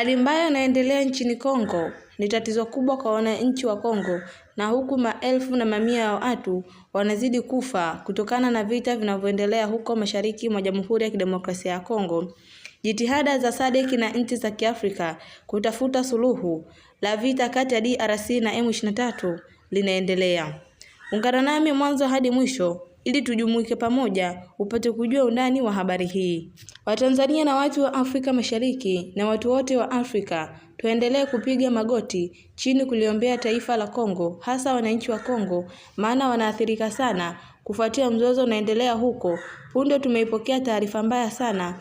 Hali mbaya inaendelea nchini Kongo ni tatizo kubwa kwa wananchi wa Kongo na huku maelfu na mamia ya watu wanazidi kufa kutokana na vita vinavyoendelea huko mashariki mwa Jamhuri ya Kidemokrasia ya Kongo. Jitihada za SADC na nchi za Kiafrika kutafuta suluhu la vita kati ya DRC na M23 linaendelea. Ungana nami mwanzo hadi mwisho ili tujumuike pamoja upate kujua undani wa habari hii. Watanzania na watu wa Afrika Mashariki na watu wote wa Afrika tuendelee kupiga magoti chini kuliombea taifa la Kongo, hasa wananchi wa Kongo, maana wanaathirika sana kufuatia mzozo unaendelea huko. Punde tumeipokea taarifa mbaya sana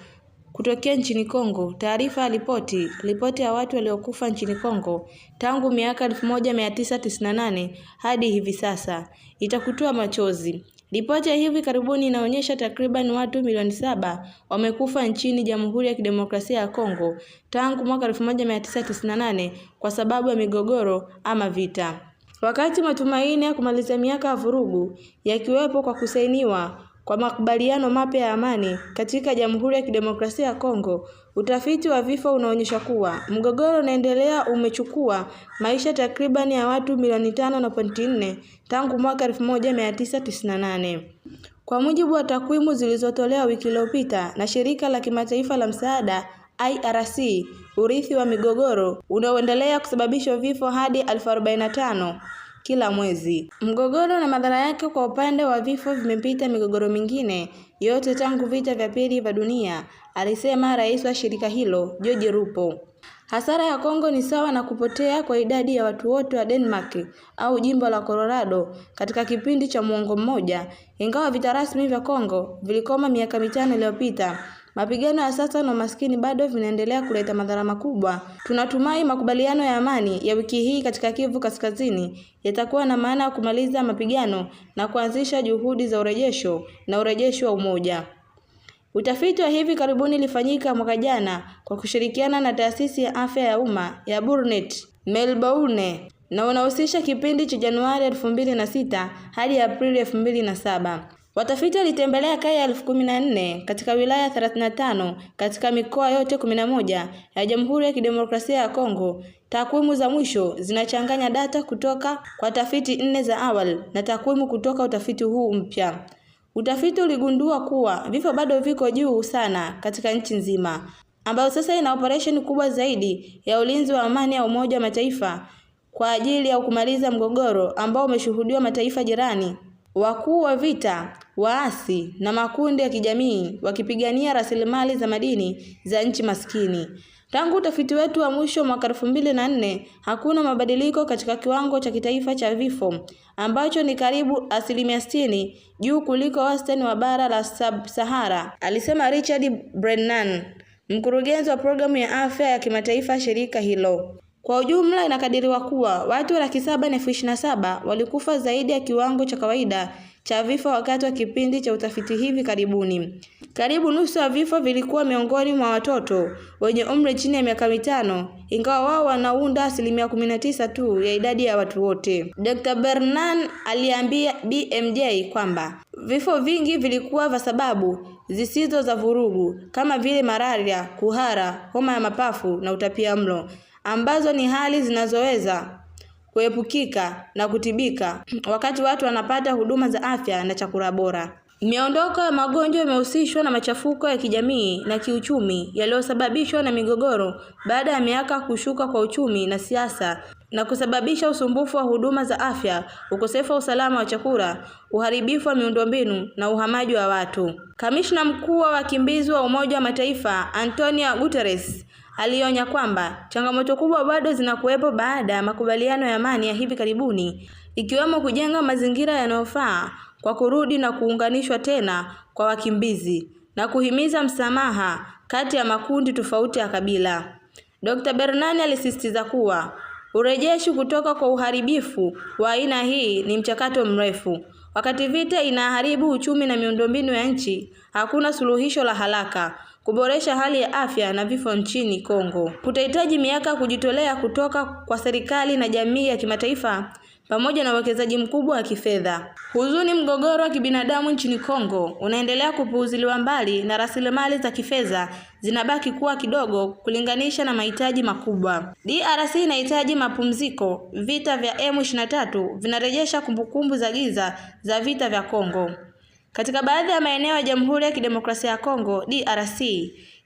kutokea nchini Kongo. Taarifa ya ripoti ripoti ya watu waliokufa nchini Kongo tangu miaka 1998 hadi hivi sasa itakutoa machozi. Ripoti ya hivi karibuni inaonyesha takriban watu milioni saba wamekufa nchini Jamhuri ya Kidemokrasia ya Kongo tangu mwaka 1998 kwa sababu ya migogoro ama vita. Wakati matumaini ya kumaliza miaka ya vurugu yakiwepo kwa kusainiwa kwa makubaliano mapya ya amani katika Jamhuri ya Kidemokrasia ya Kongo. Utafiti wa vifo unaonyesha kuwa mgogoro unaendelea umechukua maisha takribani ya watu milioni tano na pointi nne tangu mwaka 1998 kwa mujibu wa takwimu zilizotolewa wiki iliyopita na shirika la kimataifa la msaada IRC. Urithi wa migogoro unaoendelea kusababisha vifo hadi elfu arobaini na tano kila mwezi. Mgogoro na madhara yake kwa upande wa vifo vimepita migogoro mingine yote tangu vita vya pili vya dunia, alisema rais wa shirika hilo George Rupo. Hasara ya Kongo ni sawa na kupotea kwa idadi ya watu wote wa Denmark au jimbo la Colorado katika kipindi cha muongo mmoja, ingawa vita rasmi vya Kongo vilikoma miaka mitano iliyopita. Mapigano ya sasa na umaskini bado vinaendelea kuleta madhara makubwa. Tunatumai makubaliano ya amani ya wiki hii katika Kivu Kaskazini yatakuwa na maana ya kumaliza mapigano na kuanzisha juhudi za urejesho na urejesho wa umoja. Utafiti wa hivi karibuni ilifanyika mwaka jana kwa kushirikiana na taasisi ya afya ya umma ya Burnet Melbourne na unahusisha kipindi cha Januari 2006 hadi Aprili 2007. Watafiti walitembelea kaya elfu kumi na nne katika wilaya 35 katika mikoa yote 11 ya Jamhuri ya Kidemokrasia ya Kongo. Takwimu za mwisho zinachanganya data kutoka kwa tafiti nne za awali na takwimu kutoka utafiti huu mpya. Utafiti uligundua kuwa vifo bado viko juu sana katika nchi nzima ambayo sasa ina operesheni kubwa zaidi ya ulinzi wa amani ya Umoja wa Mataifa kwa ajili ya kumaliza mgogoro ambao umeshuhudiwa mataifa jirani Wakuu wa vita, waasi na makundi ya kijamii wakipigania rasilimali za madini za nchi maskini. Tangu utafiti wetu wa mwisho mwaka elfu mbili na nne, hakuna mabadiliko katika kiwango cha kitaifa cha vifo ambacho ni karibu asilimia sitini juu kuliko wastani wa bara la Sub-Sahara, alisema Richard Brennan, mkurugenzi wa programu ya afya ya kimataifa shirika hilo. Kwa ujumla inakadiriwa kuwa watu laki saba na elfu ishirini na saba walikufa zaidi ya kiwango cha kawaida cha vifo wakati wa kipindi cha utafiti hivi karibuni. Karibu nusu ya vifo vilikuwa miongoni mwa watoto wenye umri chini ya miaka mitano, ingawa wao wanaunda asilimia kumi na tisa tu ya idadi ya watu wote. Dr. Bernan aliambia BMJ kwamba vifo vingi vilikuwa kwa sababu zisizo za vurugu kama vile malaria, kuhara, homa ya mapafu na utapia mlo ambazo ni hali zinazoweza kuepukika na kutibika wakati watu wanapata huduma za afya na chakula bora. Miondoko ya magonjwa imehusishwa na machafuko ya kijamii na kiuchumi yaliyosababishwa na migogoro baada ya miaka kushuka kwa uchumi na siasa na kusababisha usumbufu wa huduma za afya, ukosefu wa usalama wa chakula, uharibifu wa miundombinu na uhamaji wa watu. Kamishna mkuu wa wakimbizi wa Umoja wa Mataifa, Antonio Guterres alionya kwamba changamoto kubwa bado zinakuwepo baada ya makubaliano ya amani ya hivi karibuni, ikiwemo kujenga mazingira yanayofaa kwa kurudi na kuunganishwa tena kwa wakimbizi na kuhimiza msamaha kati ya makundi tofauti ya kabila. Dr. Bernani alisisitiza kuwa urejeshi kutoka kwa uharibifu wa aina hii ni mchakato mrefu. Wakati vita inaharibu uchumi na miundombinu ya nchi, hakuna suluhisho la haraka kuboresha hali ya afya na vifo nchini Kongo. Kutahitaji miaka kujitolea kutoka kwa serikali na jamii ya kimataifa pamoja na uwekezaji mkubwa wa kifedha. Huzuni, mgogoro wa kibinadamu nchini Kongo unaendelea kupuuziliwa mbali na rasilimali za kifedha zinabaki kuwa kidogo kulinganisha na mahitaji makubwa. DRC inahitaji mapumziko. Vita vya M23 vinarejesha kumbukumbu za giza za vita vya Kongo. Katika baadhi ya maeneo ya Jamhuri ya Kidemokrasia ya Kongo DRC,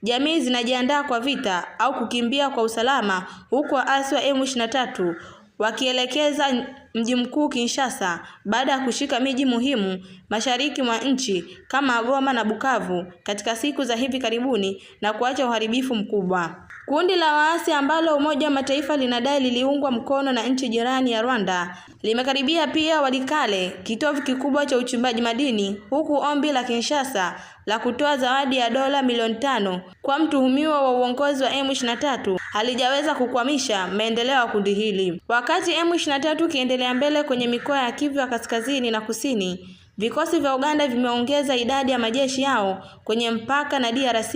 jamii zinajiandaa kwa vita au kukimbia kwa usalama, huku waasi wa M23 wakielekeza mji mkuu Kinshasa baada ya kushika miji muhimu mashariki mwa nchi kama Goma na Bukavu katika siku za hivi karibuni na kuacha uharibifu mkubwa. Kundi la waasi ambalo Umoja wa Mataifa linadai liliungwa mkono na nchi jirani ya Rwanda limekaribia pia Walikale, kitovu kikubwa cha uchimbaji madini, huku ombi la Kinshasa la kutoa zawadi ya dola milioni tano kwa mtuhumiwa wa uongozi wa M23 halijaweza kukwamisha maendeleo ya kundi hili. Wakati M23 ikiendelea mbele kwenye mikoa ya Kivu ya Kaskazini na Kusini, Vikosi vya Uganda vimeongeza idadi ya majeshi yao kwenye mpaka na DRC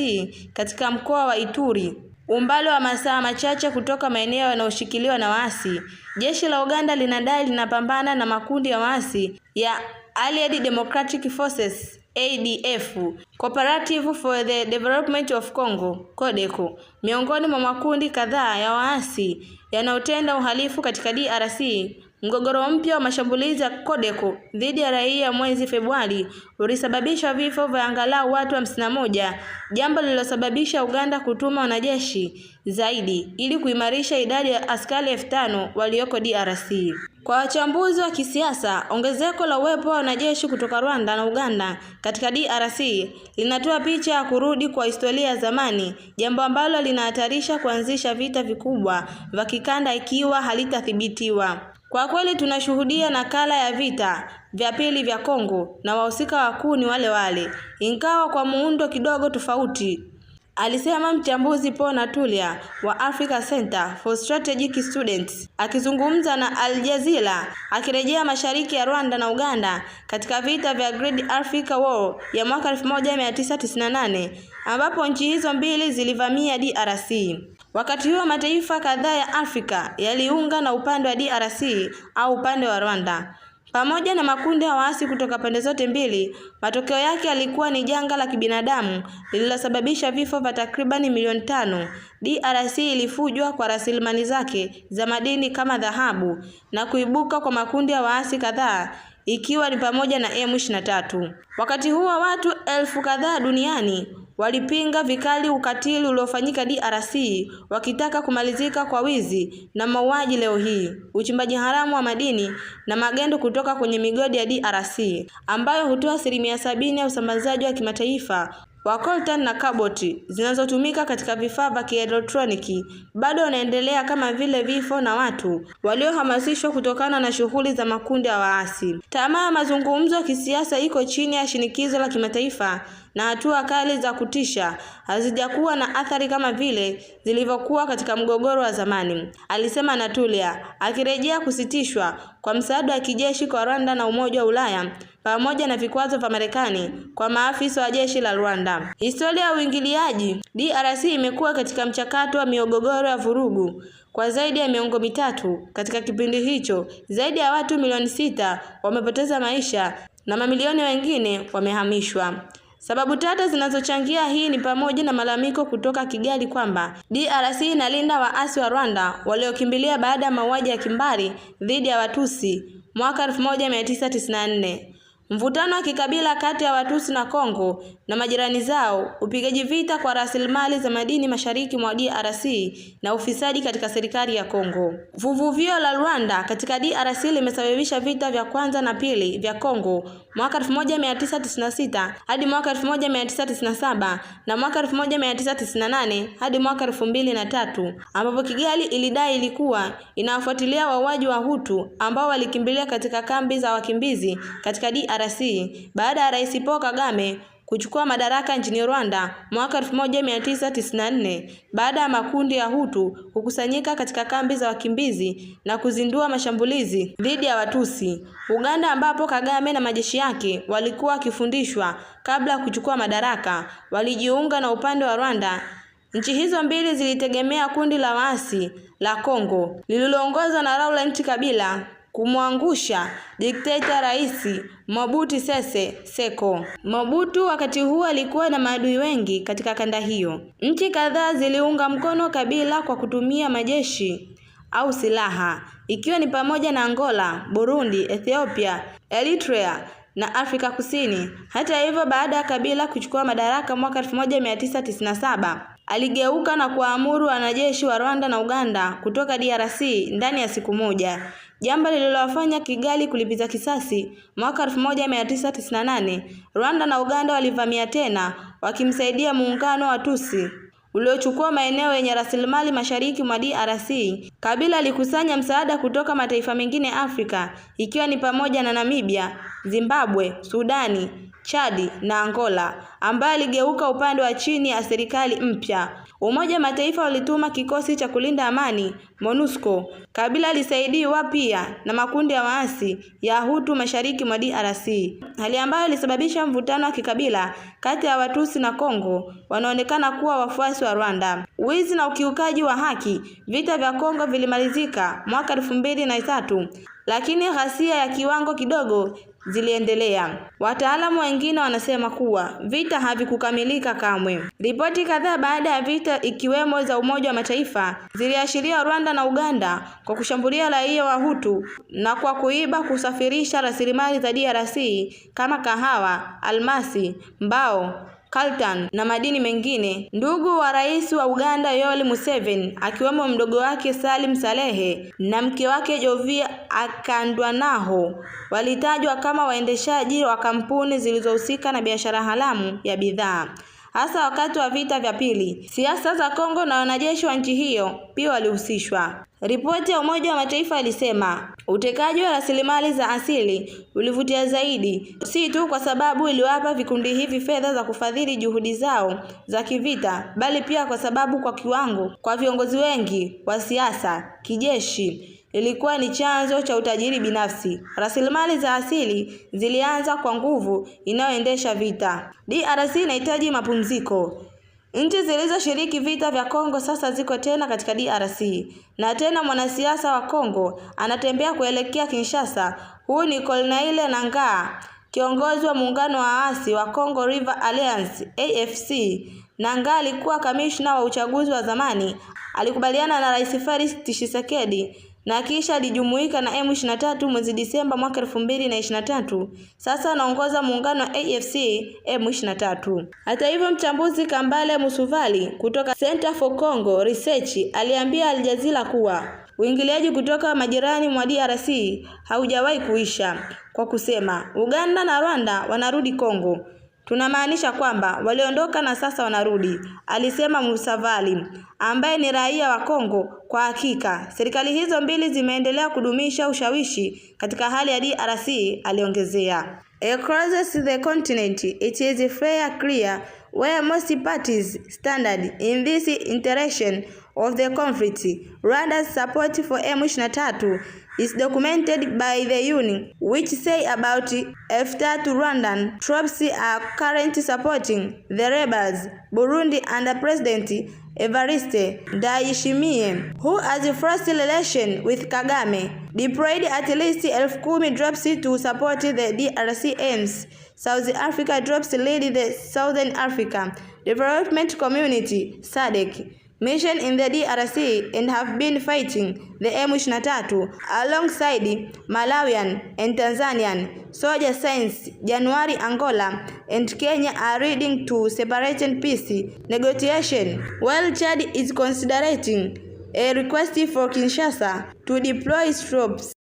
katika mkoa wa Ituri umbali wa masaa machache kutoka maeneo yanayoshikiliwa na waasi. Jeshi la Uganda linadai linapambana na makundi ya waasi ya Allied Democratic Forces ADF, Cooperative for the Development of Congo, CODECO, miongoni mwa makundi kadhaa ya waasi yanayotenda uhalifu katika DRC Mgogoro mpya wa mashambulizi ya Codeco dhidi ya raia mwezi Februari ulisababisha vifo vya angalau watu hamsini na moja, jambo lililosababisha Uganda kutuma wanajeshi zaidi ili kuimarisha idadi ya askari elfu tano walioko DRC. Kwa wachambuzi wa kisiasa, ongezeko la uwepo wa wanajeshi kutoka Rwanda na Uganda katika DRC linatoa picha ya kurudi kwa historia ya zamani, jambo ambalo linahatarisha kuanzisha vita vikubwa vya kikanda ikiwa halitathibitiwa. Kwa kweli tunashuhudia nakala ya vita vya pili vya Kongo na wahusika wakuu ni wale wale, ingawa kwa muundo kidogo tofauti, alisema mchambuzi Paul natulia wa Africa Center for Strategic Students akizungumza na Al Jazeera akirejea mashariki ya Rwanda na Uganda katika vita vya Great Africa War ya mwaka 1998 ambapo nchi hizo mbili zilivamia DRC. Wakati huo mataifa kadhaa ya Afrika yaliunga na upande wa DRC au upande wa Rwanda pamoja na makundi ya waasi kutoka pande zote mbili. Matokeo yake yalikuwa ni janga la kibinadamu lililosababisha vifo vya takribani milioni tano. DRC ilifujwa kwa rasilimali zake za madini kama dhahabu na kuibuka kwa makundi ya waasi kadhaa ikiwa ni pamoja na M23. Wakati huo watu elfu kadhaa duniani walipinga vikali ukatili uliofanyika DRC wakitaka kumalizika kwa wizi na mauaji leo hii, uchimbaji haramu wa madini na magendo kutoka kwenye migodi ya DRC ambayo hutoa asilimia sabini ya usambazaji wa kimataifa wa coltan na kaboti zinazotumika katika vifaa vya kielektroniki bado wanaendelea kama vile vifo na watu waliohamasishwa kutokana na shughuli za makundi ya waasi. Tamaa ya mazungumzo ya kisiasa iko chini ya shinikizo la kimataifa na hatua kali za kutisha hazijakuwa na athari kama vile zilivyokuwa katika mgogoro wa zamani, alisema Natulia, akirejea kusitishwa kwa msaada wa kijeshi kwa Rwanda na Umoja wa Ulaya pamoja na vikwazo vya Marekani kwa maafisa wa jeshi la Rwanda. Historia ya uingiliaji, DRC imekuwa katika mchakato wa migogoro ya vurugu kwa zaidi ya miongo mitatu. Katika kipindi hicho, zaidi ya watu milioni sita wamepoteza maisha na mamilioni wengine wamehamishwa. Sababu tata zinazochangia hii ni pamoja na malalamiko kutoka Kigali kwamba DRC inalinda waasi wa Rwanda waliokimbilia baada ya mauaji ya kimbari dhidi ya Watusi mwaka 1994 mvutano wa kikabila kati ya Watusi na Kongo na majirani zao, upigaji vita kwa rasilimali za madini mashariki mwa DRC na ufisadi katika serikali ya Kongo. Vuvuvio la Rwanda katika DRC limesababisha vita vya kwanza na pili vya Kongo mwaka 1996 hadi mwaka 1997 na mwaka 1998 hadi mwaka 2003 ambapo Kigali ilidai ilikuwa inawafuatilia wauaji wa Hutu ambao walikimbilia katika kambi za wakimbizi katika DRC. DRC baada ya Rais Paul Kagame kuchukua madaraka nchini Rwanda mwaka 1994 baada ya makundi ya Hutu kukusanyika katika kambi za wakimbizi na kuzindua mashambulizi dhidi ya Watusi. Uganda ambapo Kagame na majeshi yake walikuwa wakifundishwa kabla ya kuchukua madaraka, walijiunga na upande wa Rwanda. Nchi hizo mbili zilitegemea kundi la waasi la Kongo lililoongozwa na Laurent Kabila kumwangusha dikteta Rais Mobutu Sese Seko. Mobutu wakati huo alikuwa na maadui wengi katika kanda hiyo. Nchi kadhaa ziliunga mkono Kabila kwa kutumia majeshi au silaha ikiwa ni pamoja na Angola, Burundi, Ethiopia, Eritrea na Afrika Kusini. Hata hivyo, baada ya Kabila kuchukua madaraka mwaka 1997, aligeuka na kuwaamuru wanajeshi wa Rwanda na Uganda kutoka DRC ndani ya siku moja jambo lililowafanya Kigali kulipiza kisasi. Mwaka 1998 Rwanda na Uganda walivamia tena, wakimsaidia muungano wa tusi uliochukua maeneo yenye rasilimali mashariki mwa DRC. Kabila alikusanya msaada kutoka mataifa mengine Afrika, ikiwa ni pamoja na Namibia, Zimbabwe, Sudani, Chadi na Angola, ambayo aligeuka upande wa chini ya serikali mpya. Umoja wa Mataifa ulituma kikosi cha kulinda amani MONUSCO. Kabila alisaidiwa pia na makundi ya waasi ya Hutu mashariki mwa DRC, hali ambayo ilisababisha mvutano wa kikabila kati ya Watusi na Kongo wanaonekana kuwa wafuasi wa Rwanda. Wizi na ukiukaji wa haki. Vita vya Kongo vilimalizika mwaka elfu mbili na tatu, lakini ghasia ya kiwango kidogo ziliendelea. Wataalamu wengine wanasema kuwa vita havikukamilika kamwe. Ripoti kadhaa baada ya vita, ikiwemo za Umoja wa Mataifa, ziliashiria Rwanda na Uganda kwa kushambulia raia wa Hutu na kwa kuiba, kusafirisha rasilimali za DRC kama kahawa, almasi, mbao coltan na madini mengine. Ndugu wa rais wa Uganda Yoweri Museveni, akiwemo mdogo wake Salim Salehe na mke wake Jovia Akandwanaho walitajwa kama waendeshaji wa kampuni zilizohusika na biashara haramu ya bidhaa hasa wakati wa vita vya pili. Siasa za Kongo na wanajeshi wa nchi hiyo pia walihusishwa. Ripoti ya Umoja wa Mataifa ilisema utekaji wa rasilimali za asili ulivutia zaidi, si tu kwa sababu iliwapa vikundi hivi fedha za kufadhili juhudi zao za kivita, bali pia kwa sababu kwa kiwango kwa viongozi wengi wa siasa, kijeshi ilikuwa ni chanzo cha utajiri binafsi. Rasilimali za asili zilianza kwa nguvu inayoendesha vita. DRC inahitaji mapumziko Nchi zilizoshiriki vita vya Kongo sasa ziko tena katika DRC na tena mwanasiasa wa Kongo anatembea kuelekea Kinshasa. Huyu ni Corneille Nangaa, kiongozi wa muungano wa waasi wa Congo River Alliance AFC. Nangaa alikuwa kamishna wa uchaguzi wa zamani, alikubaliana na Rais Felix Tshisekedi na kisha alijumuika na M23 mwezi Disemba mwaka tatu. Sasa anaongoza muungano wa AFC M23. Hata hivyo, mchambuzi Kambale Musuvali kutoka Center for Congo Research aliambia Al Jazeera kuwa uingiliaji kutoka majirani mwa DRC haujawahi kuisha, kwa kusema Uganda na Rwanda wanarudi Kongo, tunamaanisha kwamba waliondoka na sasa wanarudi, alisema Musavali ambaye ni raia wa Kongo kwa hakika serikali hizo mbili zimeendelea kudumisha ushawishi katika hali ya DRC, aliongezea. Across the continent it is fair clear where most parties stand in this interaction of the conflict. Rwanda's support for M23 is documented by the UN, which say about F3 Rwandan troops are currently supporting the rebels. Burundi under President Evariste Ndayishimiye, who has a first relation with Kagame deployed at least elfu kumi drops to support the DRC aims. South Africa drops lead the Southern Africa Development Community SADC mission in the DRC and have been fighting the M23 alongside Malawian and Tanzanian soldier since January. Angola and Kenya are reading to and peace negotiation, while Chad is considering a request for Kinshasa to deploy troops.